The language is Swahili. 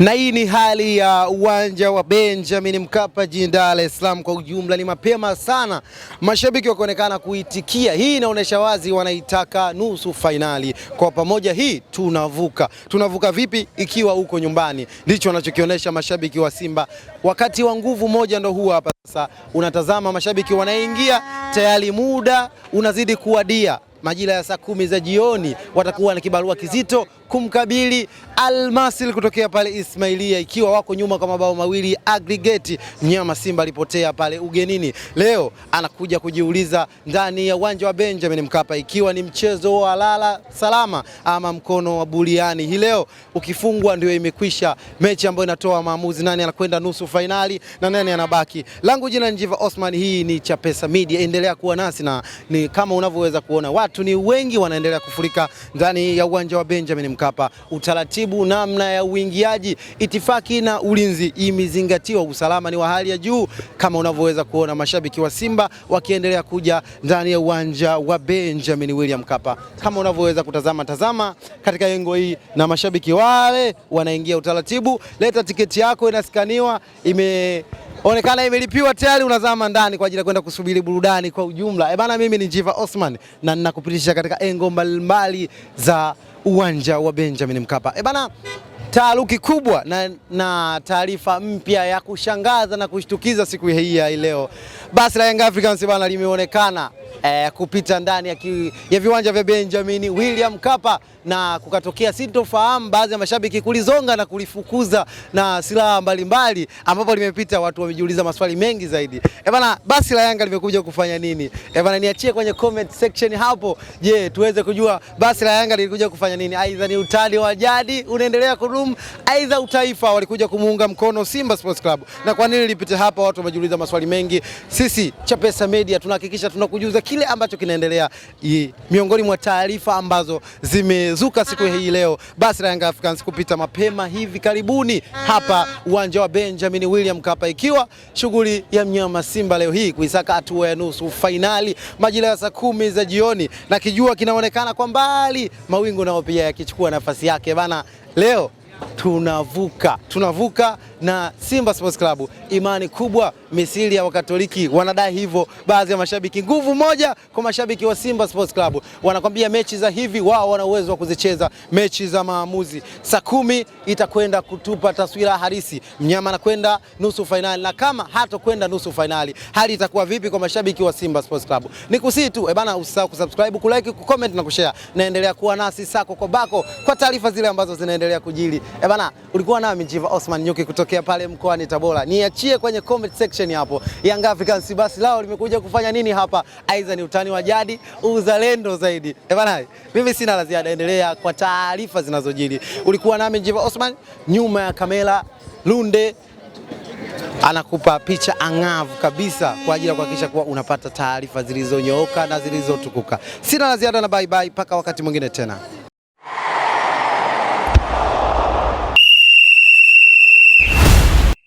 Na hii ni hali ya uwanja wa Benjamin Mkapa jijini Dar es Salaam. Kwa ujumla ni mapema sana mashabiki wakionekana kuitikia. Hii inaonyesha wazi wanaitaka nusu fainali. Kwa pamoja hii tunavuka. Tunavuka vipi ikiwa uko nyumbani? Ndicho wanachokionyesha mashabiki wa Simba. Wakati wa nguvu moja ndo huu hapa sasa. Unatazama mashabiki wanaingia tayari, muda unazidi kuwadia. Majira ya saa kumi za jioni watakuwa na kibarua kizito kumkabili Almasil kutokea pale Ismailia ikiwa wako nyuma kwa mabao mawili aggregate. Mnyama Simba alipotea pale ugenini, leo anakuja kujiuliza ndani ya uwanja wa Benjamin Mkapa ikiwa ni mchezo wa lala salama ama mkono wa buliani. Hii leo ukifungwa ndio imekwisha, mechi ambayo inatoa maamuzi nani anakwenda nusu fainali na nani anabaki. Langu jina Njiva Osman, hii ni Chapesa Media, endelea kuwa nasi na ni kama unavyoweza kuona watu ni wengi wanaendelea kufurika ndani ya uwanja wa Benjamin Mkapa. Mkapa, utaratibu, namna ya uingiaji, itifaki na ulinzi imezingatiwa. Usalama ni wa hali ya juu kama unavyoweza kuona mashabiki wa Simba wakiendelea kuja ndani ya uwanja wa Benjamin William Mkapa, kama unavyoweza kutazama tazama katika yengo hii, na mashabiki wale wanaingia utaratibu. Leta tiketi yako, inaskaniwa ime onekana imelipiwa tayari, unazama ndani kwa ajili ya kwenda kusubiri burudani kwa ujumla. E bana, mimi ni jiva Osman na ninakupitisha katika engo mbalimbali za uwanja wa Benjamin Mkapa. E bana, taaruki kubwa na, na taarifa mpya ya kushangaza na kushtukiza siku hii ya leo, basi la Young Africans bana limeonekana eh, kupita ndani ya, ki, ya viwanja vya Benjamin William Mkapa na kukatokea sintofahamu, baadhi ya mashabiki kulizonga na kulifukuza na silaha mbalimbali, ambapo limepita watu wamejiuliza maswali mengi zaidi. E bana, basi la Yanga limekuja kufanya nini? E bana, niachie kwenye comment section hapo, je, tuweze kujua basi la Yanga lilikuja kufanya nini? Aidha ni utani wa jadi unaendelea kudumu, aidha utaifa walikuja kumuunga mkono Simba Sports Club. Na kwa nini lipite hapa? Watu wamejiuliza maswali mengi. Sisi Chapesa Media tunahakikisha tunakujuza kile ambacho kinaendelea miongoni mwa taarifa ambazo zimezuka siku hii leo, basi la Africans kupita mapema hivi karibuni hapa uwanja wa Benjamin William Mkapa, ikiwa shughuli ya mnyama Simba leo hii kuisaka hatua ya nusu fainali majira ya saa kumi za jioni, na kijua kinaonekana kwa mbali, mawingu nayo pia yakichukua nafasi yake bana leo tunavuka, tunavuka na Simba Sports Club. Imani kubwa misili ya Wakatoliki wanadai hivyo, baadhi ya mashabiki. Nguvu moja kwa mashabiki wa Simba Sports Club, wanakwambia mechi za hivi wao wana uwezo wa kuzicheza mechi za maamuzi. Saa kumi itakwenda kutupa taswira halisi, mnyama anakwenda nusu fainali, na kama hatokwenda nusu fainali hali itakuwa vipi kwa mashabiki wa Simba Sports Club. Nikusii tu ebana, eh, usisahau kusubscribe, kulike, kucomment na kushare. Naendelea kuwa nasi sako kwa bako kwa taarifa zile ambazo zinaendelea kujili. Ebana, eh, bana, ulikuwa nami Njiva Osman Nyuki kutokea pale mkoani Tabora. Niachie kwenye comment section hapo, Young Africans basi lao limekuja kufanya nini hapa? Aidha ni utani wa jadi, uzalendo zaidi. Ebana, eh, mimi sina la ziada, endelea kwa taarifa zinazojiri Ulikuwa nami Njiva Osman, nyuma ya kamera Lunde anakupa picha ang'avu kabisa kwa ajili ya kuhakikisha kuwa unapata taarifa zilizonyooka na zilizotukuka. Sina la ziada na bye bye, mpaka wakati mwingine tena.